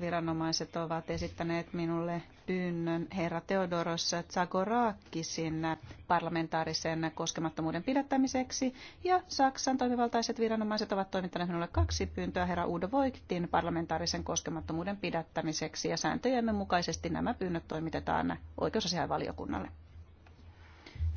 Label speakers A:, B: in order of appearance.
A: viranomaiset ovat esittäneet minulle pyynnön herra Teodoros Zagorakisin parlamentaarisen koskemattomuuden pidättämiseksi ja Saksan toimivaltaiset viranomaiset ovat toimittaneet minulle kaksi pyyntöä herra Udo Voigtin parlamentaarisen koskemattomuuden pidättämiseksi ja sääntöjemme mukaisesti nämä pyynnöt toimitetaan oikeusasiainvaliokunnalle.